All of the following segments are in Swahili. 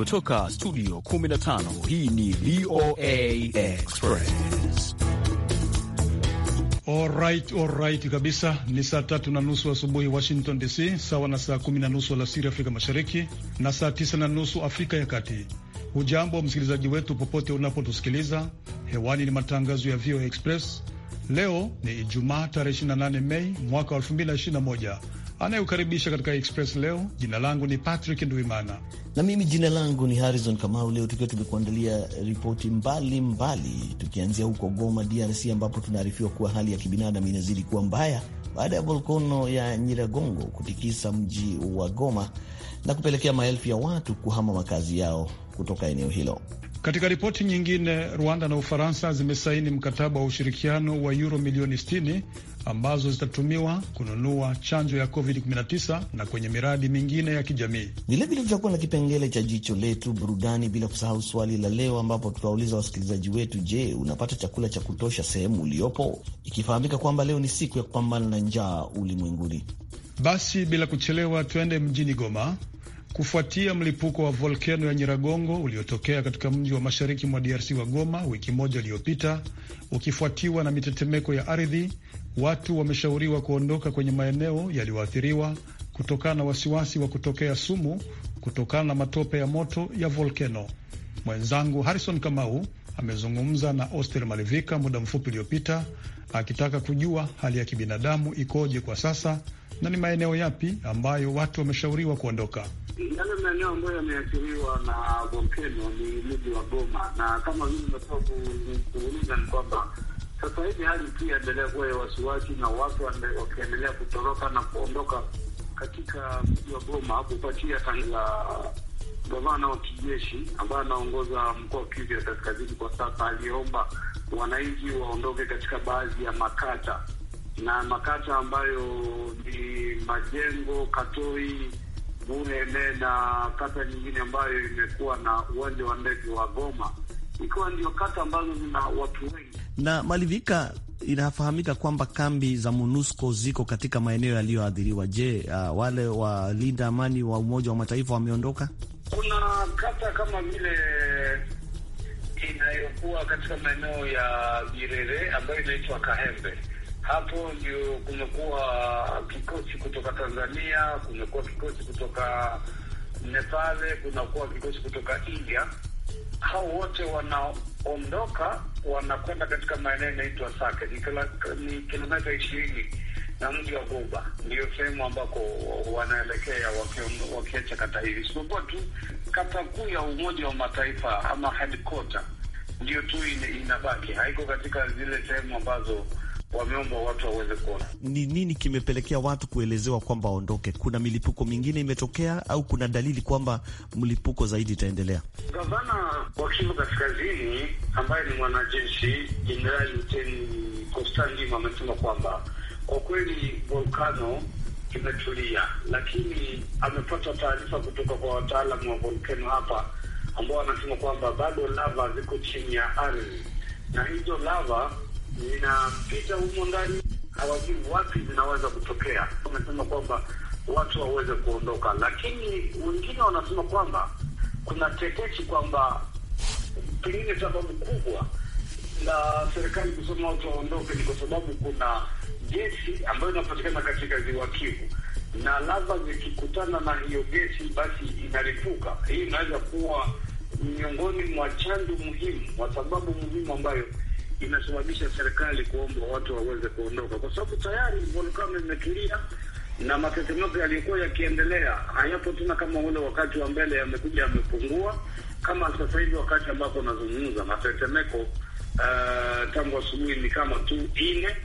kutoka studio 15 hii ni voa express alright alright kabisa ni saa tatu na nusu asubuhi wa washington dc sawa na saa kumi na nusu alasiri afrika mashariki na saa tisa na nusu afrika ya kati hujambo msikilizaji wetu popote unapotusikiliza hewani ni matangazo ya voa express leo ni ijumaa tarehe 28 mei mwaka 2021 anayeukaribisha katika Express leo. Jina langu ni Patrick Ndwimana na mimi jina langu ni Harrison Kamau. Leo tukiwa tumekuandalia ripoti mbalimbali, tukianzia huko Goma, DRC, ambapo tunaarifiwa kuwa hali ya kibinadamu inazidi kuwa mbaya baada ya volkano ya Nyiragongo kutikisa mji wa Goma na kupelekea maelfu ya watu kuhama makazi yao kutoka eneo hilo. Katika ripoti nyingine, Rwanda na Ufaransa zimesaini mkataba wa ushirikiano wa yuro milioni ambazo zitatumiwa kununua chanjo ya COVID-19 na kwenye miradi mingine ya kijamii. Vilevile tutakuwa na kipengele cha jicho letu, burudani, bila kusahau swali la leo, ambapo tutawauliza wasikilizaji wetu, je, unapata chakula cha kutosha sehemu uliopo, ikifahamika kwamba leo ni siku ya kupambana na njaa ulimwenguni. Basi bila kuchelewa, twende mjini Goma kufuatia mlipuko wa volkeno ya Nyiragongo uliotokea katika mji wa mashariki mwa DRC wa Goma wiki moja iliyopita, ukifuatiwa na mitetemeko ya ardhi, Watu wameshauriwa kuondoka kwenye maeneo yaliyoathiriwa kutokana na wasiwasi wa kutokea sumu kutokana na matope ya moto ya volkeno. Mwenzangu Harrison Kamau amezungumza na Oster Malivika muda mfupi uliopita akitaka kujua hali ya kibinadamu ikoje kwa sasa na ni maeneo yapi ambayo watu wameshauriwa kuondoka. Yale maeneo ambayo yameathiriwa na volkeno ni mji wa Goma, na kama vile umekuwa kuzungumza ni kwamba sasa hivi hali pia endelea kuwa ya wasiwasi, na watu wakiendelea kutoroka na kuondoka katika mji wa Goma hapo patia la gavana wa kijeshi ambaye anaongoza mkoa wa Kivu ya kaskazini kwa sasa, aliomba wananchi waondoke katika baadhi ya makata na makata ambayo ni Majengo, Katoi, Buhene na kata nyingine ambayo imekuwa na uwanja wa ndege wa Goma ikiwa ndio kata ambazo zina watu wengi. Na Malivika, inafahamika kwamba kambi za MONUSCO ziko katika maeneo yaliyoathiriwa. Je, uh, wale walinda amani wa Umoja wa Mataifa wameondoka? Kuna kata kama vile inayokuwa katika maeneo ya Birere ambayo inaitwa Kahembe. Hapo ndio kumekuwa kikosi kutoka Tanzania, kumekuwa kikosi kutoka nepale kunakuwa kikosi kutoka India hao wote wanaondoka wanakwenda katika maeneo inaitwa Sake, ni kilomita ishirini na mji wa Goba, ndiyo sehemu ambako wanaelekea wakiacha kata hivi, isipokuwa tu kata kuu ya Umoja wa Mataifa ama headquarter ndiyo tu inabaki, haiko katika zile sehemu ambazo wameomba watu waweze kuona ni nini kimepelekea watu kuelezewa kwamba waondoke. Kuna milipuko mingine imetokea au kuna dalili kwamba mlipuko zaidi itaendelea? Gavana wa Kivu Kaskazini ambaye ni mwanajeshi Jenerali Luteni Kostandim amesema kwamba kwa kweli volkano imetulia lakini amepata taarifa kutoka kwa wataalamu wa volkano hapa ambao wanasema kwamba bado lava ziko chini ya ardhi na hizo lava zinapita humo ndani, hawajui wapi zinaweza kutokea. Wamesema kwamba watu waweze kuondoka, lakini wengine wanasema kwamba kuna tetesi kwamba pengine sababu kubwa la serikali kusema watu waondoke ni kwa sababu kuna gesi ambayo inapatikana katika ziwa Kivu na lava zikikutana na hiyo gesi basi inalipuka. Hii inaweza kuwa miongoni mwa chandu muhimu, kwa sababu muhimu ambayo inasababisha serikali kuomba watu waweze kuondoka, kwa sababu tayari volkano imetulia na matetemeko yaliyokuwa yakiendelea hayapo tena kama ule wakati wa mbele, yamekuja yamepungua. Kama sasa hivi wakati ambapo unazungumza matetemeko uh, tangu asubuhi ni kama tu ine,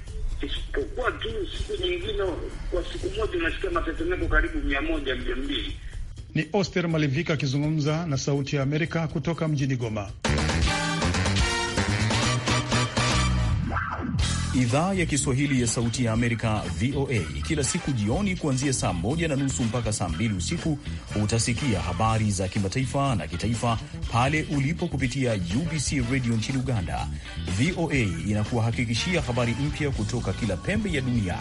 isipokuwa tu siku nyingine, kwa siku moja unasikia matetemeko karibu mia moja mia mbili. Ni Oster Malivika akizungumza na Sauti ya Amerika kutoka mjini Goma. idhaa ya Kiswahili ya Sauti ya Amerika, VOA. Kila siku jioni kuanzia saa moja na nusu mpaka saa mbili usiku utasikia habari za kimataifa na kitaifa pale ulipo kupitia UBC radio nchini Uganda. VOA inakuwahakikishia habari mpya kutoka kila pembe ya dunia.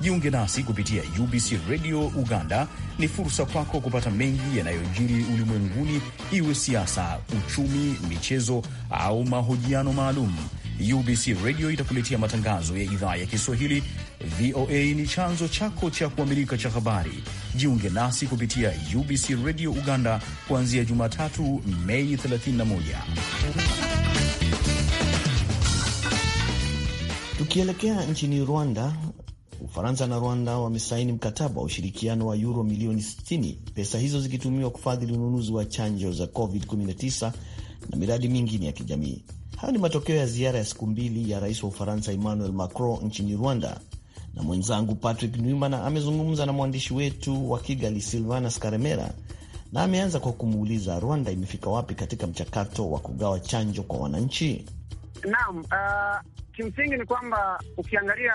Jiunge nasi kupitia UBC radio Uganda. Ni fursa kwako kupata mengi yanayojiri ulimwenguni, iwe siasa, uchumi, michezo au mahojiano maalum. UBC Radio itakuletea matangazo ya idhaa ya Kiswahili. VOA ni chanzo chako cha kuamilika cha habari. Jiunge nasi kupitia UBC Radio Uganda kuanzia Jumatatu, Mei 31. Tukielekea nchini Rwanda, Ufaransa na Rwanda wamesaini mkataba wa ushirikiano wa euro milioni 60, pesa hizo zikitumiwa kufadhili ununuzi wa chanjo za COVID-19 na miradi mingine ya kijamii. Hayo ni matokeo ya ziara ya siku mbili ya rais wa Ufaransa Emmanuel Macron nchini Rwanda, na mwenzangu Patrick Nwimana amezungumza na mwandishi wetu wa Kigali Silvanas Karemera na ameanza kwa kumuuliza Rwanda imefika wapi katika mchakato wa kugawa chanjo kwa wananchi. Naam, uh, kimsingi ni kwamba ukiangalia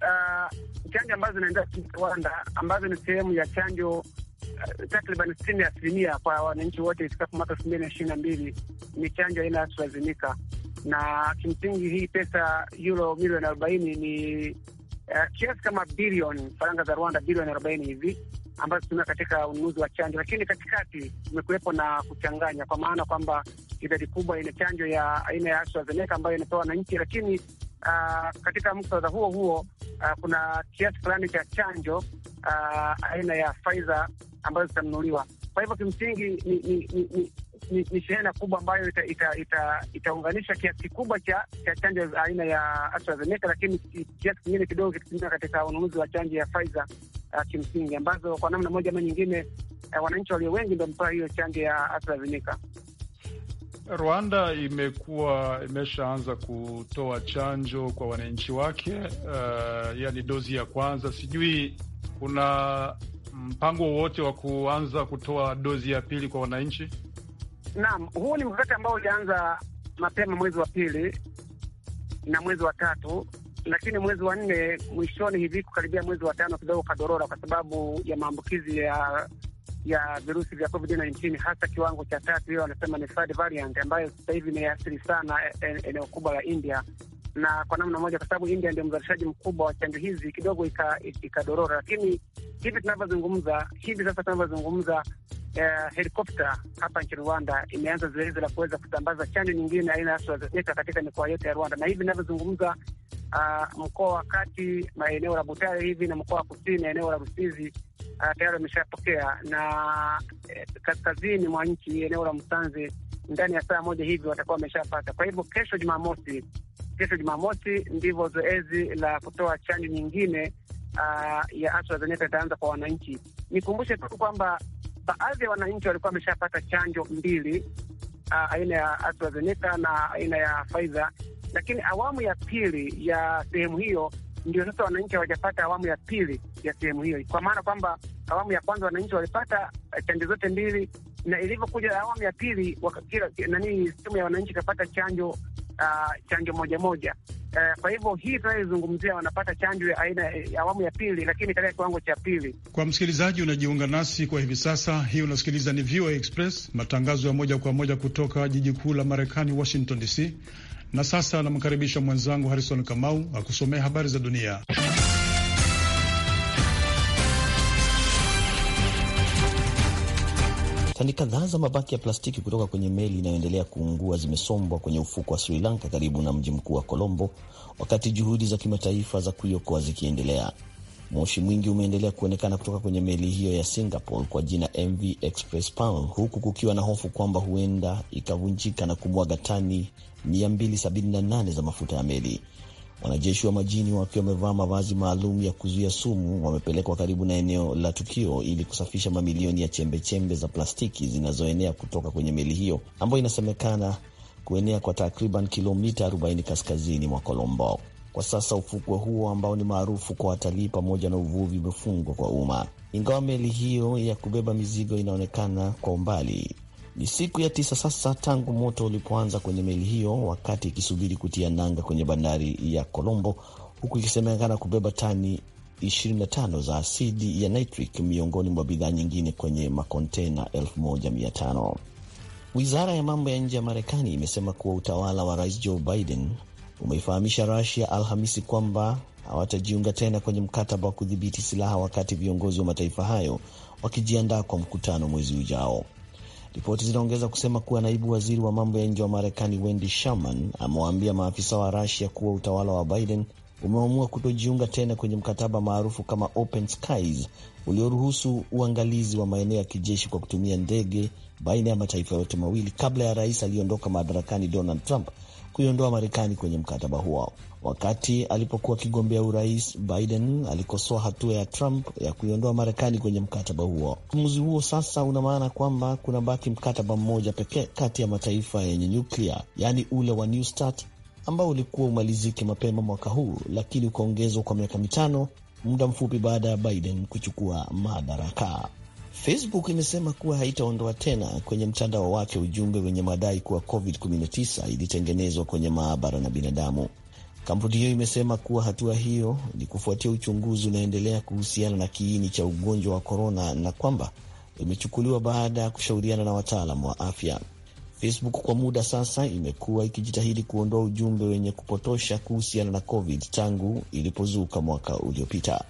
uh, chanjo ambazo zinaendea Rwanda ambazo ni sehemu ya chanjo takriban sitini asilimia kwa wananchi wote ifikapo mwaka elfu mbili na ishirini na mbili ni chanjo aina ya AstraZeneca, na kimsingi hii pesa euro milioni arobaini ni uh, kiasi kama bilioni faranga za Rwanda bilioni arobaini hivi ambazo tutumia katika ununuzi wa chanjo, lakini katikati kumekuwepo na kuchanganya, kwa maana kwamba idadi kubwa ina chanjo ya aina ya AstraZeneca ambayo inapewa wananchi, lakini uh, katika muktadha huo huo uh, kuna kiasi fulani cha chanjo uh, aina ya Pfizer ambazo zitanunuliwa. Kwa hivyo kimsingi ni, ni, ni, ni ni, ni shehena kubwa ambayo itaunganisha ita, ita, ita kiasi kikubwa cha, cha chanjo aina ya AstraZeneca, lakini kiasi kingine kidogo kitatumika katika ununuzi wa chanjo ya Pfizer uh, kimsingi ambazo kwa namna moja ama nyingine uh, wananchi walio wengi ndio wamepewa hiyo chanjo ya AstraZeneca. Rwanda imekuwa imeshaanza kutoa chanjo kwa wananchi wake, uh, yani dozi ya kwanza. Sijui kuna mpango wowote wa kuanza kutoa dozi ya pili kwa wananchi? Naam, huu ni mkakati ambao ulianza mapema mwezi wa pili na mwezi wa tatu, lakini mwezi wa nne mwishoni hivi kukaribia mwezi wa tano kidogo kadorora, kwa sababu ya maambukizi ya ya virusi vya COVID-19 hasa kiwango cha tatu, hiyo wanasema ni third variant, ambayo sasa hivi imeathiri sana e, e, eneo kubwa la India na kwa namna moja, kwa sababu India ndio mzalishaji mkubwa wa chanjo hizi, kidogo ikadorora ika, lakini hivi tunavyozungumza hivi sasa tunavyozungumza, eh, helikopta hapa nchini Rwanda imeanza zoezi la kuweza kusambaza chanjo nyingine aina ya AstraZeneca katika mikoa yote ya Rwanda, na hivi inavyozungumza, uh, mkoa wa kati maeneo la Butare hivi na mkoa wa kusini eneo la Rusizi Ah, tayari wameshapokea na eh, kaskazini mwa nchi eneo la Msanzi ndani ya saa moja hivi watakuwa wameshapata. Kwa hivyo kesho Jumamosi, kesho Jumamosi ndivyo zoezi la kutoa chanjo nyingine uh, ya AstraZeneca itaanza kwa wananchi. Nikumbushe tu kwamba baadhi ya wananchi walikuwa wameshapata chanjo mbili, uh, aina ya AstraZeneca na aina ya Pfizer, lakini awamu ya pili ya sehemu hiyo ndio sasa wananchi hawajapata awamu ya pili ya sehemu hiyo, kwa maana kwamba awamu ya kwanza wananchi walipata eh, chanjo zote mbili, na ilivyokuja awamu ya pili nani, sehemu ya wananchi ikapata chanjo uh, chanjo moja moja. Uh, kwa hivyo hii tunayozungumzia wanapata chanjo ya aina ya eh, awamu ya pili, lakini katika kiwango cha pili. Kwa msikilizaji unajiunga nasi kwa hivi sasa, hii unasikiliza ni VOA Express, matangazo ya moja kwa moja kutoka jiji kuu la Marekani, Washington DC. Na sasa anamkaribisha mwenzangu Harrison Kamau akusomea habari za dunia. Tani kadhaa za mabaki ya plastiki kutoka kwenye meli inayoendelea kuungua zimesombwa kwenye ufuko wa Sri Lanka karibu na mji mkuu wa Colombo, wakati juhudi za kimataifa za kuiokoa zikiendelea. Moshi mwingi umeendelea kuonekana kutoka kwenye meli hiyo ya Singapore kwa jina MV Express Pearl, huku kukiwa na hofu kwamba huenda ikavunjika na kumwaga tani 278 za mafuta ya meli. Wanajeshi wa majini wakiwa wamevaa mavazi maalum ya kuzuia sumu wamepelekwa karibu na eneo la tukio ili kusafisha mamilioni ya chembechembe -chembe za plastiki zinazoenea kutoka kwenye meli hiyo ambayo inasemekana kuenea kwa takriban kilomita 40 kaskazini mwa Colombo. Kwa sasa ufukwe huo ambao ni maarufu kwa watalii pamoja na uvuvi umefungwa kwa umma, ingawa meli hiyo ya kubeba mizigo inaonekana kwa umbali. Ni siku ya tisa sasa tangu moto ulipoanza kwenye meli hiyo, wakati ikisubiri kutia nanga kwenye bandari ya Colombo, huku ikisemekana kubeba tani 25 za asidi ya nitric miongoni mwa bidhaa nyingine kwenye makontena 1500. Wizara ya mambo ya nje ya Marekani imesema kuwa utawala wa Rais Joe Biden umeifahamisha rasia Alhamisi kwamba hawatajiunga tena kwenye mkataba wa kudhibiti silaha wakati viongozi wa mataifa hayo wakijiandaa kwa mkutano mwezi ujao. Ripoti zinaongeza kusema kuwa naibu waziri wa mambo ya nje wa Marekani Wendy Sherman amewaambia maafisa wa rasia kuwa utawala wa Biden umeamua kutojiunga tena kwenye mkataba maarufu kama Open Skies ulioruhusu uangalizi wa maeneo ya kijeshi kwa kutumia ndege baina ya mataifa yote mawili kabla ya rais aliyeondoka madarakani Donald Trump kuiondoa Marekani kwenye mkataba huo. Wakati alipokuwa akigombea urais, Biden alikosoa hatua ya Trump ya kuiondoa Marekani kwenye mkataba huo. Uamuzi huo sasa una maana kwamba kuna baki mkataba mmoja pekee kati ya mataifa yenye nyuklia, yaani ule wa New START ambao ulikuwa umalizike mapema mwaka huu, lakini ukaongezwa kwa miaka mitano, muda mfupi baada ya Biden kuchukua madaraka. Facebook imesema kuwa haitaondoa tena kwenye mtandao wake ujumbe wenye madai kuwa COVID-19 ilitengenezwa kwenye maabara na binadamu. Kampuni hiyo imesema kuwa hatua hiyo ni kufuatia uchunguzi unaendelea kuhusiana na kiini cha ugonjwa wa korona na kwamba imechukuliwa baada ya kushauriana na wataalamu wa afya. Facebook kwa muda sasa imekuwa ikijitahidi kuondoa ujumbe wenye kupotosha kuhusiana na COVID tangu ilipozuka mwaka uliopita.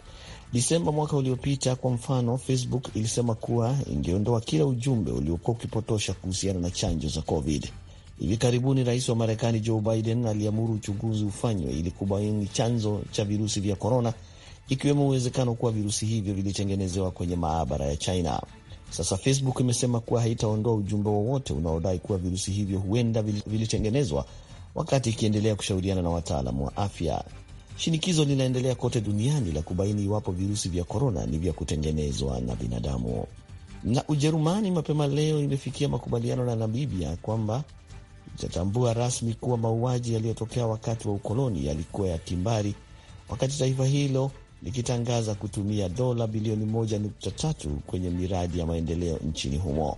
Disemba mwaka uliopita, kwa mfano, Facebook ilisema kuwa ingeondoa kila ujumbe uliokuwa ukipotosha kuhusiana na chanjo za COVID. Hivi karibuni rais wa Marekani Joe Biden aliamuru uchunguzi ufanywe ili kubaini chanzo cha virusi vya korona, ikiwemo uwezekano kuwa virusi hivyo vilitengenezewa kwenye maabara ya China. Sasa Facebook imesema kuwa haitaondoa ujumbe wowote unaodai kuwa virusi hivyo huenda vilitengenezwa, wakati ikiendelea kushauriana na wataalamu wa afya. Shinikizo linaendelea kote duniani la kubaini iwapo virusi vya korona ni vya kutengenezwa na binadamu. Na Ujerumani mapema leo imefikia makubaliano na Namibia kwamba itatambua rasmi kuwa mauaji yaliyotokea wakati wa ukoloni yalikuwa ya kimbari, wakati taifa hilo likitangaza kutumia dola bilioni 1.3 kwenye miradi ya maendeleo nchini humo.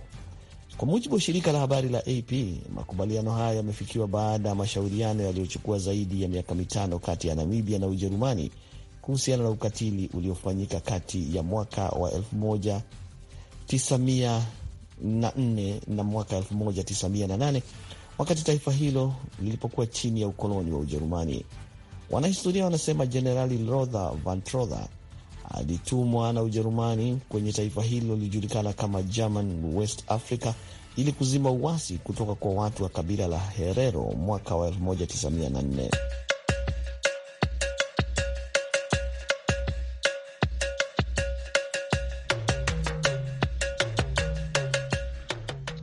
Kwa mujibu wa shirika la habari la AP, makubaliano haya yamefikiwa baada ya mashauriano yaliyochukua zaidi ya miaka mitano kati ya Namibia na Ujerumani kuhusiana na ukatili uliofanyika kati ya mwaka wa 1904 na mwaka 1908 wakati taifa hilo lilipokuwa chini ya ukoloni wa Ujerumani. Wanahistoria wanasema Jenerali Lotha Van alitumwa na Ujerumani kwenye taifa hilo lilijulikana kama German West Africa ili kuzima uasi kutoka kwa watu wa kabila la Herero mwaka wa 1904.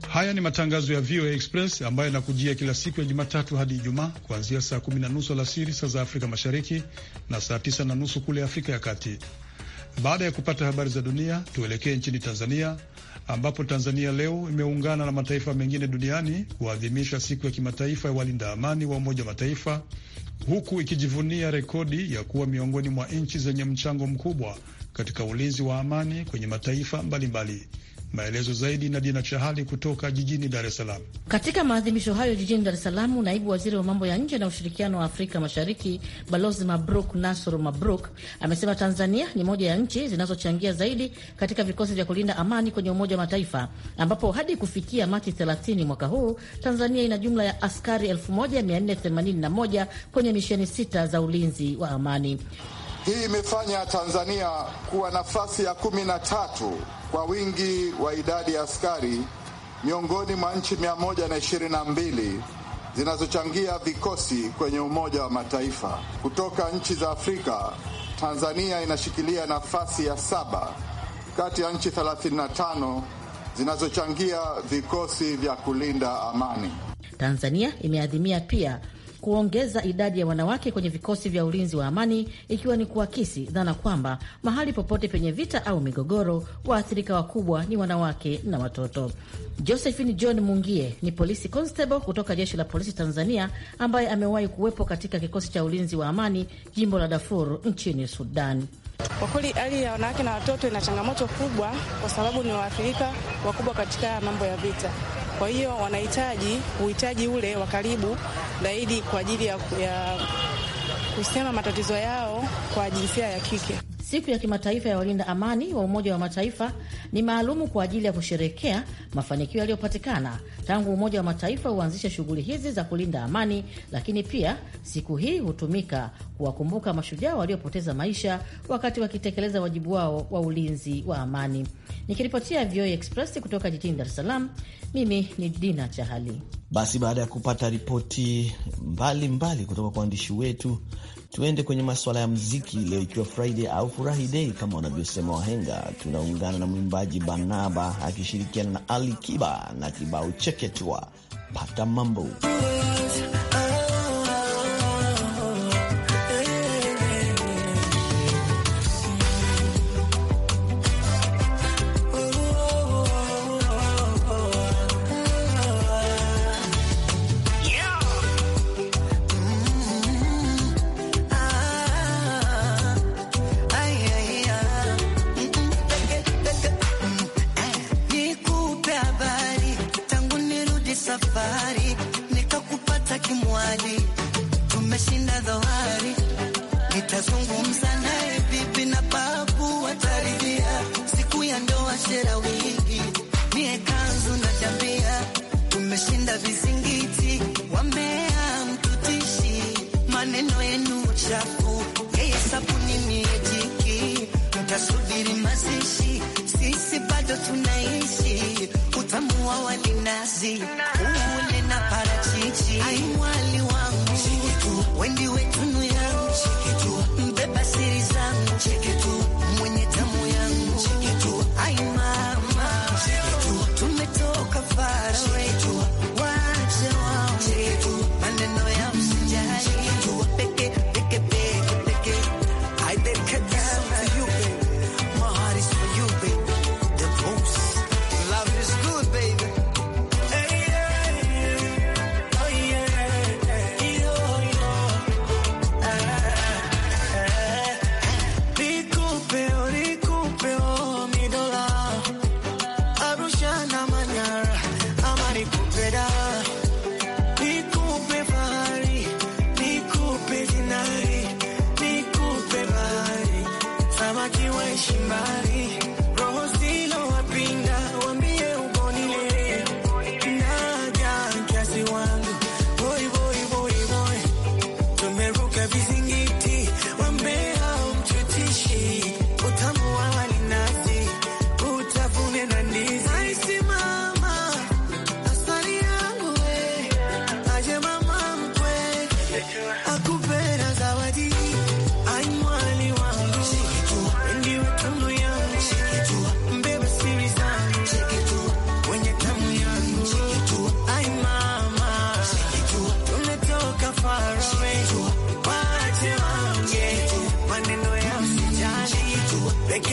Haya ni matangazo ya VOA Express ambayo yanakujia kila siku ya Jumatatu hadi Ijumaa kuanzia saa kumi na nusu alasiri saa za Afrika Mashariki na saa tisa na nusu kule Afrika ya Kati. Baada ya kupata habari za dunia, tuelekee nchini Tanzania ambapo Tanzania leo imeungana na mataifa mengine duniani kuadhimisha siku ya kimataifa ya walinda amani wa Umoja wa Mataifa, huku ikijivunia rekodi ya kuwa miongoni mwa nchi zenye mchango mkubwa katika ulinzi wa amani kwenye mataifa mbalimbali mbali. Maelezo zaidi na Dina Chahali kutoka jijini Dar es Salaam. Katika maadhimisho hayo jijini Dar es Salaam, naibu waziri wa mambo ya nje na ushirikiano wa Afrika Mashariki Balozi Mabruk Nasr Mabruk amesema Tanzania ni moja ya nchi zinazochangia zaidi katika vikosi vya kulinda amani kwenye Umoja wa Mataifa, ambapo hadi kufikia Machi 30 mwaka huu Tanzania ina jumla ya askari 1481 kwenye misheni sita za ulinzi wa amani. Hii imefanya Tanzania kuwa nafasi ya kumi na tatu kwa wingi wa idadi ya askari miongoni mwa nchi 122 zinazochangia vikosi kwenye Umoja wa Mataifa. Kutoka nchi za Afrika, Tanzania inashikilia nafasi ya saba kati ya nchi 35 zinazochangia vikosi vya kulinda amani. Tanzania imeadhimia pia kuongeza idadi ya wanawake kwenye vikosi vya ulinzi wa amani, ikiwa ni kuakisi dhana kwamba mahali popote penye vita au migogoro, waathirika wakubwa ni wanawake na watoto. Josephine John Mungie ni polisi constable kutoka jeshi la polisi Tanzania, ambaye amewahi kuwepo katika kikosi cha ulinzi wa amani jimbo la Darfur nchini Sudan. Kwa kweli hali ya wanawake na watoto ina changamoto kubwa, kwa sababu ni waathirika wakubwa katika mambo ya vita kwa hiyo wanahitaji uhitaji ule wa karibu zaidi kwa ajili ya, ya kusema matatizo yao kwa jinsia ya kike. Siku ya kimataifa ya walinda amani wa Umoja wa Mataifa ni maalumu kwa ajili ya kusherekea mafanikio yaliyopatikana tangu Umoja wa Mataifa huanzisha shughuli hizi za kulinda amani, lakini pia siku hii hutumika kuwakumbuka mashujaa waliopoteza maisha wakati wakitekeleza wajibu wao wa ulinzi wa amani. Nikiripotia VOA e Express kutoka jijini Dar es Salaam, mimi ni Dina Chahali. Basi baada ya kupata ripoti mbalimbali kutoka kwa waandishi wetu Tuende kwenye maswala ya mziki leo, ikiwa Friday au furahi dei kama wanavyosema wahenga. Tunaungana na mwimbaji Banaba akishirikiana na Ali Kiba na kibao cheketwa pata mambo mazishi, sisi bado tunaishi utamu wa walinazi ule na parachichi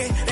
Okay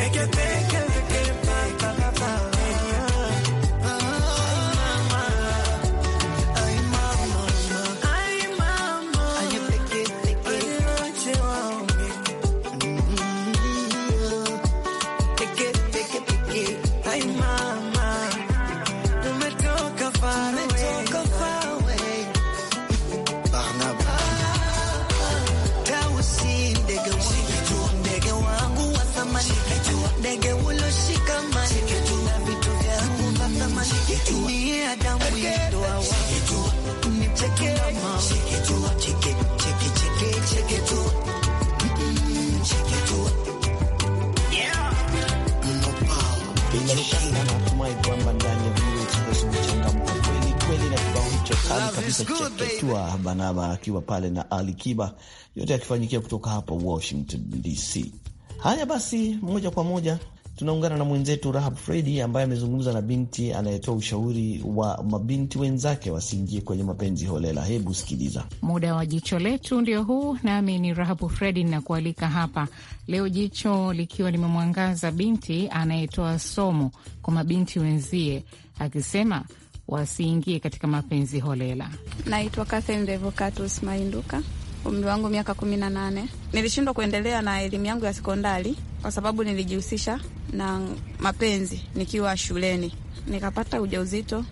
Raila Rukanga natumai kwamba ndani ya VOA Express umechangamka kweli kweli, na kibao hicho kali kabisa cha Ketua Banaba akiwa pale na Ali Kiba, yote yakifanyikia kutoka hapa Washington DC. Haya basi, moja kwa moja Tunaungana na mwenzetu Rahab Fredi ambaye amezungumza na binti anayetoa ushauri wa mabinti wenzake wasiingie kwenye mapenzi holela. Hebu sikiliza. Muda wa jicho letu ndio huu, nami ni Rahabu Fredi ninakualika hapa leo, jicho likiwa limemwangaza binti anayetoa somo kwa mabinti wenzie akisema wasiingie katika mapenzi holela. Naitwa Catherine Revocatus Mainduka umri wangu miaka kumi na nane. Nilishindwa kuendelea na elimu yangu ya sekondari kwa sababu nilijihusisha na mapenzi nikiwa shuleni, nikapata ujauzito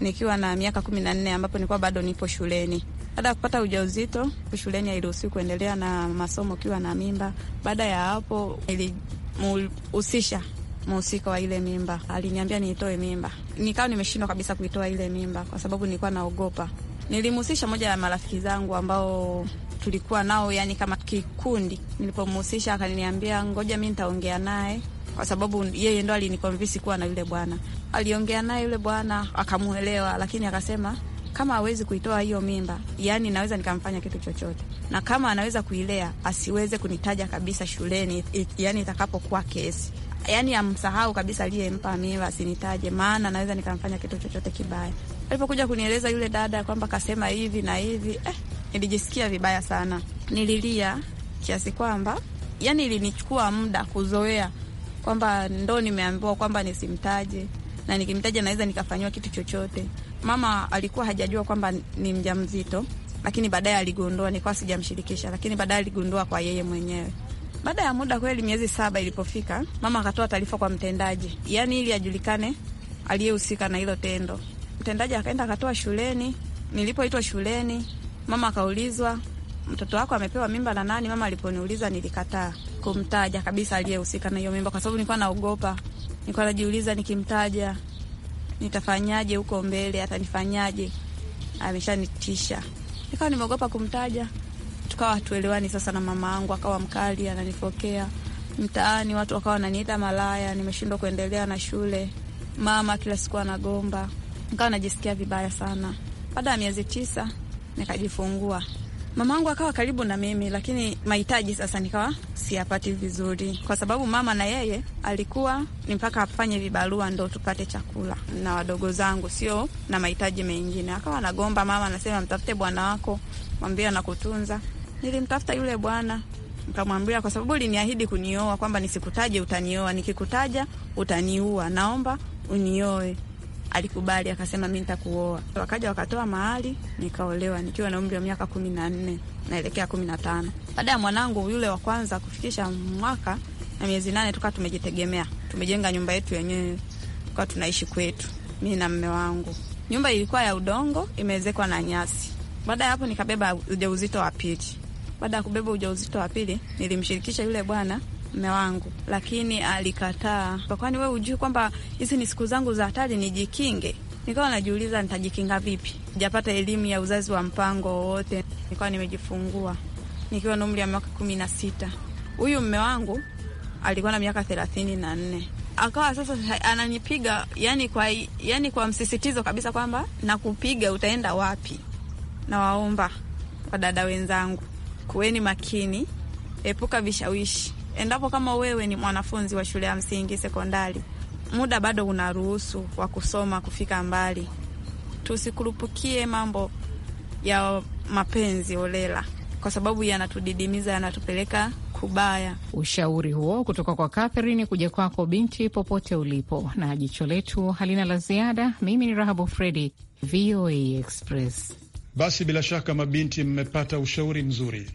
nikiwa na miaka kumi na nne ambapo nilikuwa bado nipo shuleni. Baada ya kupata ujauzito shuleni, hairuhusiwi kuendelea na masomo ukiwa na mimba. Baada ya hapo, nilihusisha mhusika wa ile mimba, aliniambia niitoe mimba, nikawa nimeshindwa kabisa kuitoa ile mimba kwa sababu nilikuwa naogopa Nilimhusisha moja ya marafiki zangu ambao tulikuwa nao, yani kama kikundi. Nilipomhusisha akaniambia ngoja mi nitaongea naye, kwa sababu yeye ndo alinikonvisi kuwa na yule bwana. Aliongea naye yule bwana akamwelewa lakini akasema kama awezi kuitoa hiyo mimba, yani naweza nikamfanya kitu chochote, na kama anaweza kuilea asiweze kunitaja kabisa shuleni, yani itakapokuwa kesi yani amsahau kabisa aliyempa mimba, asinitaje, maana naweza nikamfanya kitu chochote kibaya. Alipokuja kunieleza yule dada kwamba kasema hivi na hivi, eh, nilijisikia vibaya sana, nililia kiasi kwamba yani ilinichukua muda kuzoea kwamba ndo nimeambiwa kwamba nisimtaje na nikimtaja naweza nikafanyiwa kitu chochote. Mama alikuwa hajajua kwamba ni mjamzito, lakini baadaye aligundua, nikuwa sijamshirikisha, lakini baadaye aligundua kwa yeye mwenyewe. Baada ya muda kweli, miezi saba ilipofika, mama akatoa taarifa kwa mtendaji, yaani ili ajulikane aliyehusika na hilo tendo. Mtendaji akaenda akatoa shuleni. Nilipoitwa shuleni, mama akaulizwa, mtoto wako amepewa mimba na nani? Mama aliponiuliza, nilikataa kumtaja kabisa aliyehusika na hiyo mimba, kwa sababu nilikuwa naogopa, nilikuwa najiuliza, nikimtaja nitafanyaje huko mbele, atanifanyaje? Ameshanitisha, nikawa nimeogopa kumtaja tukawa hatuelewani sasa, na mama angu akawa mkali, ananifokea mtaani, watu wakawa wananiita malaya, nimeshindwa kuendelea na shule, mama kila siku anagomba, nikawa najisikia vibaya sana. Baada ya miezi tisa nikajifungua. mama angu akawa karibu na mimi, lakini mahitaji sasa nikawa siyapati vizuri, kwa sababu mama na yeye alikuwa ni mpaka afanye vibarua ndo tupate chakula na wadogo zangu, sio na mahitaji mengine. Akawa anagomba mama, anasema mtafute bwana wako, mwambie anakutunza. Nilimtafuta yule bwana nikamwambia, kwa sababu uliniahidi kunioa kwamba nisikutaje utanioa, nikikutaja utaniua, naomba unioe. Alikubali, akasema mi nitakuoa. Wakaja wakatoa mahali, nikaolewa nikiwa na umri wa miaka kumi na nne naelekea kumi na tano baada ya mwanangu yule wa kwanza kufikisha mwaka na miezi nane, tukaa tumejitegemea, tumejenga nyumba yetu yenyewe, tukaa tunaishi kwetu, mi na mme wangu. Nyumba ilikuwa ya udongo, imeezekwa na nyasi. Baada ya hapo, nikabeba ujauzito wa pili baada ya kubeba ujauzito wa pili, nilimshirikisha yule bwana mme wangu, lakini alikataa. Kwani we hujui kwamba hizi ni siku zangu za hatari, nijikinge? Nikawa najiuliza nitajikinga vipi? japata elimu ya uzazi wa mpango wowote. Nikawa nimejifungua nikiwa na umri wa miaka kumi na sita. Huyu mme wangu alikuwa na miaka thelathini na nne akawa sasa ananipiga yani kwa, yani kwa msisitizo kabisa kwamba nakupiga, utaenda wapi? Nawaomba wadada wenzangu kuweni makini, epuka vishawishi. Endapo kama wewe ni mwanafunzi wa shule ya msingi, sekondari, muda bado unaruhusu wa kusoma kufika mbali. Tusikurupukie mambo ya mapenzi olela, kwa sababu yanatudidimiza, yanatupeleka kubaya. Ushauri huo kutoka kwa Catherine kuja kwako binti, popote ulipo. Na jicho letu halina la ziada. Mimi ni Rahabu Fredi, VOA Express. Basi bila shaka mabinti, mmepata ushauri mzuri.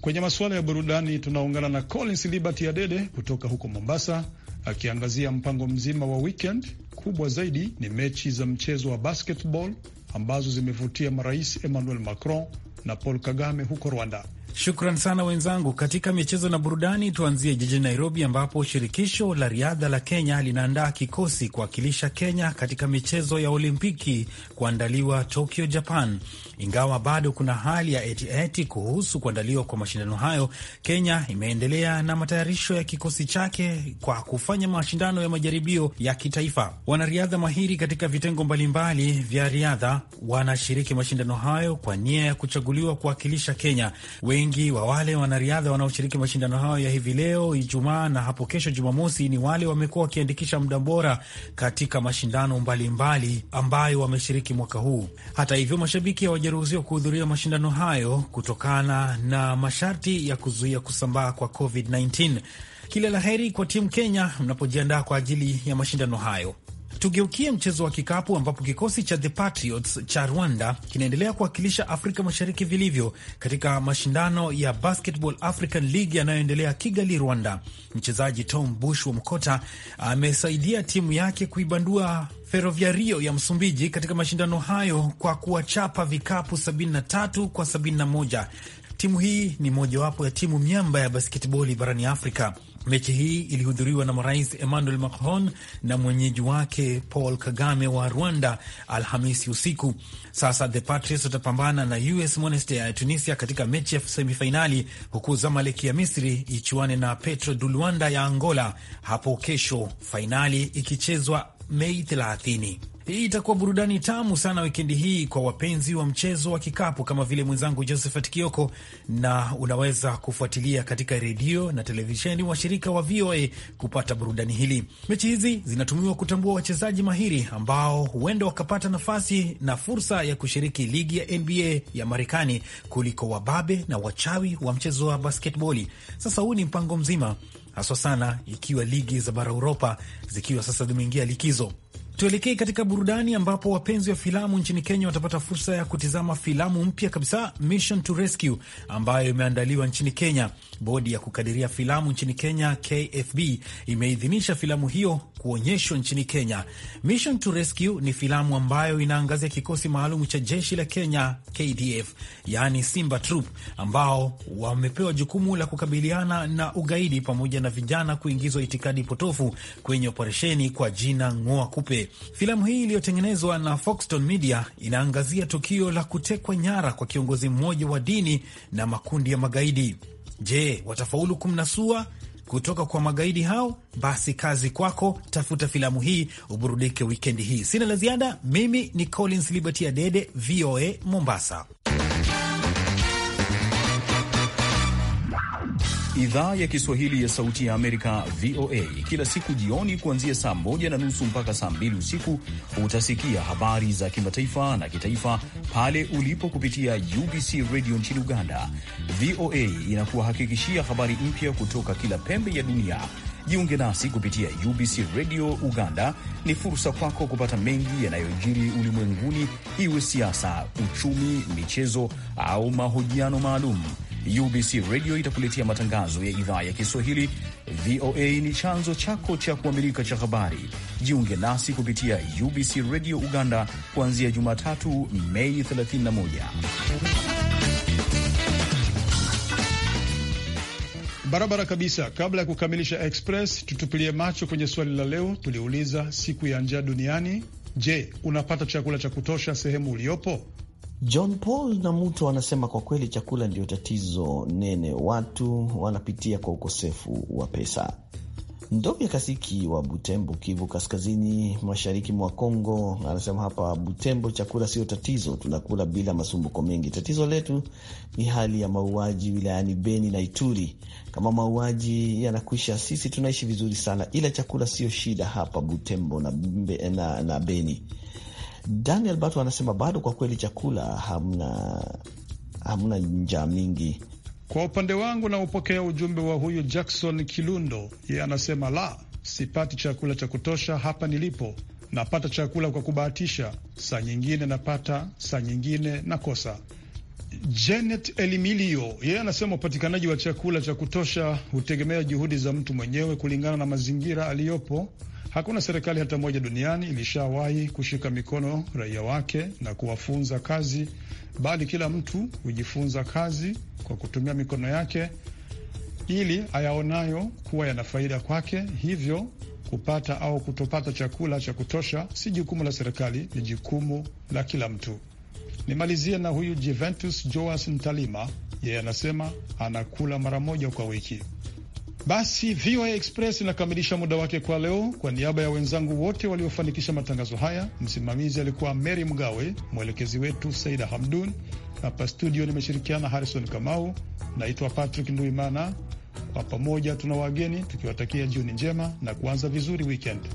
Kwenye masuala ya burudani, tunaungana na Collins Liberty Adede kutoka huko Mombasa, akiangazia mpango mzima wa weekend. Kubwa zaidi ni mechi za mchezo wa basketball ambazo zimevutia marais Emmanuel Macron na Paul Kagame huko Rwanda. Shukran sana wenzangu. Katika michezo na burudani, tuanzie jijini Nairobi, ambapo shirikisho la riadha la Kenya linaandaa kikosi kuwakilisha Kenya katika michezo ya Olimpiki kuandaliwa Tokyo, Japan. Ingawa bado kuna hali ya etieti kuhusu kuandaliwa kwa mashindano hayo, Kenya imeendelea na matayarisho ya kikosi chake kwa kufanya mashindano ya majaribio ya kitaifa. Wanariadha mahiri katika vitengo mbalimbali vya riadha wanashiriki mashindano hayo kwa nia ya kuchaguliwa kuwakilisha Kenya. We wengi wa wale wanariadha wanaoshiriki mashindano hayo ya hivi leo Ijumaa na hapo kesho Jumamosi ni wale wamekuwa wakiandikisha muda bora katika mashindano mbalimbali mbali ambayo wameshiriki mwaka huu. Hata hivyo, mashabiki hawajaruhusiwa kuhudhuria mashindano hayo kutokana na masharti ya kuzuia kusambaa kwa COVID-19. Kila la heri kwa timu Kenya mnapojiandaa kwa ajili ya mashindano hayo. Tugeukie mchezo wa kikapu ambapo kikosi cha The Patriots cha Rwanda kinaendelea kuwakilisha Afrika Mashariki vilivyo katika mashindano ya Basketball African League yanayoendelea Kigali, Rwanda. Mchezaji Tom Bush wa Mkota amesaidia timu yake kuibandua Ferroviario ya Msumbiji katika mashindano hayo kwa kuwachapa vikapu 73 kwa 71. Timu hii ni mojawapo ya timu miamba ya basketboli barani Afrika. Mechi hii ilihudhuriwa na marais Emmanuel Macron na mwenyeji wake Paul Kagame wa Rwanda Alhamisi usiku. Sasa The Patriots watapambana na US Monastir ya Tunisia katika mechi ya semifainali, huku Zamalek ya Misri ichuane na Petro du Luanda ya Angola hapo kesho, fainali ikichezwa Mei 30. Hii itakuwa burudani tamu sana wikendi hii kwa wapenzi wa mchezo wa kikapu kama vile mwenzangu Josephat Kioko, na unaweza kufuatilia katika redio na televisheni washirika wa VOA kupata burudani hili. Mechi hizi zinatumiwa kutambua wachezaji mahiri ambao huenda wakapata nafasi na fursa ya kushiriki ligi ya NBA ya Marekani kuliko wababe na wachawi wa mchezo wa basketboli. Sasa huu ni mpango mzima haswa sana ikiwa ligi za bara Uropa zikiwa sasa zimeingia likizo. Tuelekee katika burudani ambapo wapenzi wa filamu nchini Kenya watapata fursa ya kutizama filamu mpya kabisa Mission to Rescue ambayo imeandaliwa nchini Kenya. Bodi ya kukadiria filamu nchini Kenya KFB imeidhinisha filamu hiyo kuonyeshwa nchini Kenya. Mission to Rescue ni filamu ambayo inaangazia kikosi maalum cha jeshi la Kenya KDF, yaani Simba Troop, ambao wamepewa jukumu la kukabiliana na ugaidi pamoja na vijana kuingizwa itikadi potofu kwenye operesheni kwa jina Ng'oa Kupe. Filamu hii iliyotengenezwa na Foxton Media inaangazia tukio la kutekwa nyara kwa kiongozi mmoja wa dini na makundi ya magaidi. Je, watafaulu kumnasua kutoka kwa magaidi hao? Basi kazi kwako, tafuta filamu hii uburudike wikendi hii. Sina la ziada. Mimi ni Collins Liberty Adede, VOA Mombasa. idhaa ya Kiswahili ya Sauti ya Amerika, VOA. Kila siku jioni kuanzia saa moja na nusu mpaka saa mbili usiku utasikia habari za kimataifa na kitaifa pale ulipo kupitia UBC Radio nchini Uganda. VOA inakuwahakikishia habari mpya kutoka kila pembe ya dunia. Jiunge nasi kupitia UBC Radio Uganda. Ni fursa kwako kupata mengi yanayojiri ulimwenguni, iwe siasa, uchumi, michezo au mahojiano maalum. UBC Radio itakuletea matangazo ya idhaa ya Kiswahili. VOA ni chanzo chako cha kuamilika cha habari. Jiunge nasi kupitia UBC Radio Uganda kuanzia Jumatatu, Mei 31. Barabara kabisa. Kabla ya kukamilisha Express, tutupilie macho kwenye swali la leo. Tuliuliza siku ya njaa duniani. Je, unapata chakula cha kutosha sehemu uliopo? John Paul na muto anasema kwa kweli chakula ndio tatizo nene, watu wanapitia kwa ukosefu wa pesa. Ndovya Kasiki wa Butembo, Kivu Kaskazini, mashariki mwa Kongo, anasema hapa Butembo chakula sio tatizo, tunakula bila masumbuko mengi. Tatizo letu ni hali ya mauaji wilayani Beni na Ituri. Kama mauaji yanakwisha, sisi tunaishi vizuri sana, ila chakula sio shida hapa Butembo na, na, na Beni. Daniel Bato anasema bado kwa kweli chakula hamna, hamna njaa mingi. Kwa upande wangu naupokea ujumbe wa huyu Jackson Kilundo, yeye anasema la, sipati chakula cha kutosha hapa nilipo. Napata chakula kwa kubahatisha, saa nyingine napata, saa nyingine nakosa. Janet Elimilio yeye anasema upatikanaji wa chakula cha kutosha hutegemea juhudi za mtu mwenyewe kulingana na mazingira aliyopo. Hakuna serikali hata moja duniani ilishawahi kushika mikono raia wake na kuwafunza kazi, bali kila mtu hujifunza kazi kwa kutumia mikono yake ili ayaonayo kuwa yana faida kwake. Hivyo kupata au kutopata chakula cha kutosha si jukumu la serikali, ni jukumu la kila mtu. Nimalizie na huyu Juventus Joas mtalima yeye anasema anakula mara moja kwa wiki. Basi VOA Express inakamilisha muda wake kwa leo. Kwa niaba ya wenzangu wote waliofanikisha matangazo haya, msimamizi alikuwa Mary Mgawe, mwelekezi wetu Saida Hamdun. Hapa studio nimeshirikiana Harrison Kamau. Naitwa Patrick Nduimana. Kwa pamoja tuna wageni tukiwatakia jioni njema na kuanza vizuri wikend.